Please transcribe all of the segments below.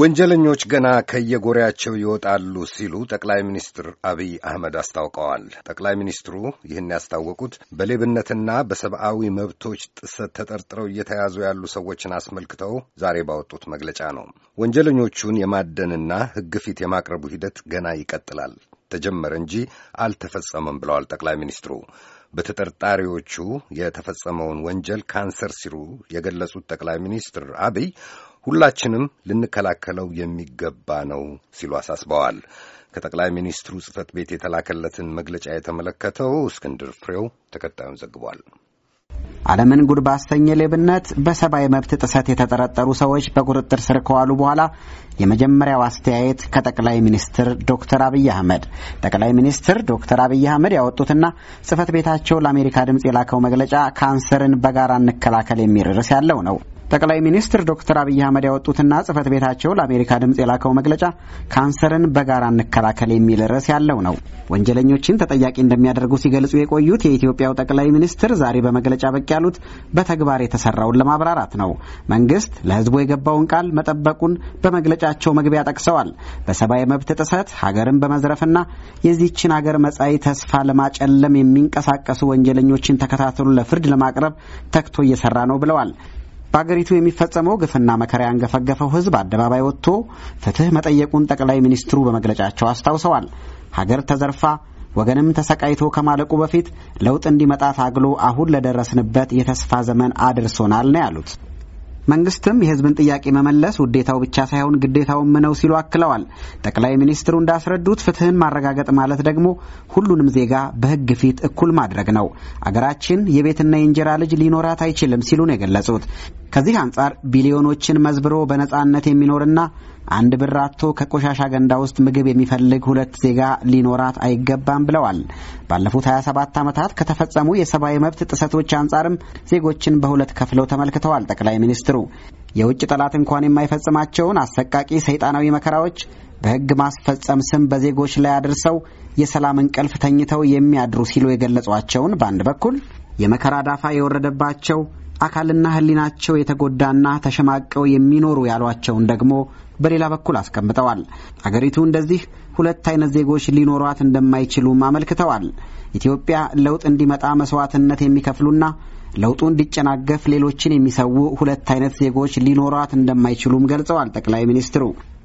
ወንጀለኞች ገና ከየጎሪያቸው ይወጣሉ ሲሉ ጠቅላይ ሚኒስትር አብይ አህመድ አስታውቀዋል። ጠቅላይ ሚኒስትሩ ይህን ያስታወቁት በሌብነትና በሰብአዊ መብቶች ጥሰት ተጠርጥረው እየተያዙ ያሉ ሰዎችን አስመልክተው ዛሬ ባወጡት መግለጫ ነው። ወንጀለኞቹን የማደንና ሕግ ፊት የማቅረቡ ሂደት ገና ይቀጥላል ተጀመረ እንጂ አልተፈጸመም ብለዋል ጠቅላይ ሚኒስትሩ። በተጠርጣሪዎቹ የተፈጸመውን ወንጀል ካንሰር ሲሉ የገለጹት ጠቅላይ ሚኒስትር አብይ ሁላችንም ልንከላከለው የሚገባ ነው ሲሉ አሳስበዋል። ከጠቅላይ ሚኒስትሩ ጽህፈት ቤት የተላከለትን መግለጫ የተመለከተው እስክንድር ፍሬው ተከታዩን ዘግቧል። ዓለምን ጉድ ባሰኘ ሌብነት በሰብአዊ መብት ጥሰት የተጠረጠሩ ሰዎች በቁጥጥር ስር ከዋሉ በኋላ የመጀመሪያው አስተያየት ከጠቅላይ ሚኒስትር ዶክተር አብይ አህመድ ጠቅላይ ሚኒስትር ዶክተር አብይ አህመድ ያወጡትና ጽህፈት ቤታቸው ለአሜሪካ ድምፅ የላከው መግለጫ ካንሰርን በጋራ እንከላከል የሚል ርዕስ ያለው ነው። ጠቅላይ ሚኒስትር ዶክተር አብይ አህመድ ያወጡትና ጽህፈት ቤታቸው ለአሜሪካ ድምፅ የላከው መግለጫ ካንሰርን በጋራ እንከላከል የሚል ርዕስ ያለው ነው። ወንጀለኞችን ተጠያቂ እንደሚያደርጉ ሲገልጹ የቆዩት የኢትዮጵያው ጠቅላይ ሚኒስትር ዛሬ በመግለጫ በቅ ያሉት በተግባር የተሰራውን ለማብራራት ነው። መንግስት ለህዝቡ የገባውን ቃል መጠበቁን በመግለጫቸው መግቢያ ጠቅሰዋል። በሰብአዊ መብት ጥሰት ሀገርን በመዝረፍና የዚችን ሀገር መጻኢ ተስፋ ለማጨለም የሚንቀሳቀሱ ወንጀለኞችን ተከታተሉ ለፍርድ ለማቅረብ ተግቶ እየሰራ ነው ብለዋል። በአገሪቱ የሚፈጸመው ግፍና መከራ ያንገፈገፈው ህዝብ አደባባይ ወጥቶ ፍትህ መጠየቁን ጠቅላይ ሚኒስትሩ በመግለጫቸው አስታውሰዋል። ሀገር ተዘርፋ ወገንም ተሰቃይቶ ከማለቁ በፊት ለውጥ እንዲመጣ ታግሎ አሁን ለደረስንበት የተስፋ ዘመን አድርሶናል ነው ያሉት። መንግስትም የህዝብን ጥያቄ መመለስ ውዴታው ብቻ ሳይሆን ግዴታውም ነው ሲሉ አክለዋል። ጠቅላይ ሚኒስትሩ እንዳስረዱት ፍትህን ማረጋገጥ ማለት ደግሞ ሁሉንም ዜጋ በህግ ፊት እኩል ማድረግ ነው። አገራችን የቤትና የእንጀራ ልጅ ሊኖራት አይችልም ሲሉ ነው የገለጹት። ከዚህ አንጻር ቢሊዮኖችን መዝብሮ በነጻነት የሚኖርና አንድ ብር አጥቶ ከቆሻሻ ገንዳ ውስጥ ምግብ የሚፈልግ ሁለት ዜጋ ሊኖራት አይገባም ብለዋል። ባለፉት 27 ዓመታት ከተፈጸሙ የሰብአዊ መብት ጥሰቶች አንጻርም ዜጎችን በሁለት ከፍለው ተመልክተዋል ጠቅላይ ሚኒስትሩ። የውጭ ጠላት እንኳን የማይፈጽማቸውን አሰቃቂ ሰይጣናዊ መከራዎች በሕግ ማስፈጸም ስም በዜጎች ላይ አድርሰው የሰላም እንቅልፍ ተኝተው የሚያድሩ ሲሉ የገለጿቸውን በአንድ በኩል የመከራ ዳፋ የወረደባቸው አካልና ሕሊናቸው የተጎዳና ተሸማቀው የሚኖሩ ያሏቸውን ደግሞ በሌላ በኩል አስቀምጠዋል። አገሪቱ እንደዚህ ሁለት አይነት ዜጎች ሊኖሯት እንደማይችሉም አመልክተዋል። ኢትዮጵያ ለውጥ እንዲመጣ መስዋዕትነት የሚከፍሉና ለውጡ እንዲጨናገፍ ሌሎችን የሚሰዉ ሁለት አይነት ዜጎች ሊኖሯት እንደማይችሉም ገልጸዋል ጠቅላይ ሚኒስትሩ።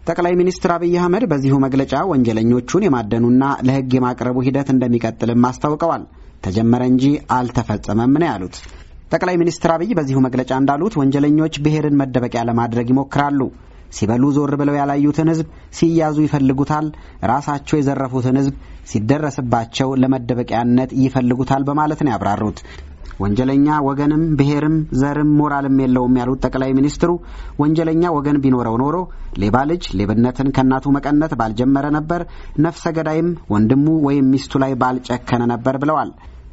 ጠቅላይ ሚኒስትር አብይ አህመድ በዚሁ መግለጫ ወንጀለኞቹን የማደኑና ለሕግ የማቅረቡ ሂደት እንደሚቀጥልም አስታውቀዋል። ተጀመረ እንጂ አልተፈጸመም ነው ያሉት። ጠቅላይ ሚኒስትር አብይ በዚሁ መግለጫ እንዳሉት ወንጀለኞች ብሔርን መደበቂያ ለማድረግ ይሞክራሉ። ሲበሉ ዞር ብለው ያላዩትን ሕዝብ ሲያዙ ይፈልጉታል፣ ራሳቸው የዘረፉትን ሕዝብ ሲደረስባቸው ለመደበቂያነት ይፈልጉታል በማለት ነው ያብራሩት። ወንጀለኛ ወገንም ብሔርም ዘርም ሞራልም የለውም ያሉት ጠቅላይ ሚኒስትሩ ወንጀለኛ ወገን ቢኖረው ኖሮ ሌባ ልጅ ሌብነትን ከእናቱ መቀነት ባልጀመረ ነበር፣ ነፍሰ ገዳይም ወንድሙ ወይም ሚስቱ ላይ ባልጨከነ ነበር ብለዋል።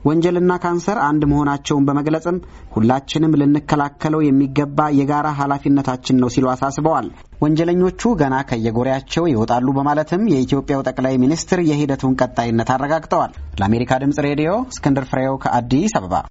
ወንጀልና ካንሰር አንድ መሆናቸውን በመግለጽም ሁላችንም ልንከላከለው የሚገባ የጋራ ኃላፊነታችን ነው ሲሉ አሳስበዋል። ወንጀለኞቹ ገና ከየጎሪያቸው ይወጣሉ በማለትም የኢትዮጵያው ጠቅላይ ሚኒስትር የሂደቱን ቀጣይነት አረጋግጠዋል። ለአሜሪካ ድምጽ ሬዲዮ እስክንድር ፍሬው ከአዲስ አበባ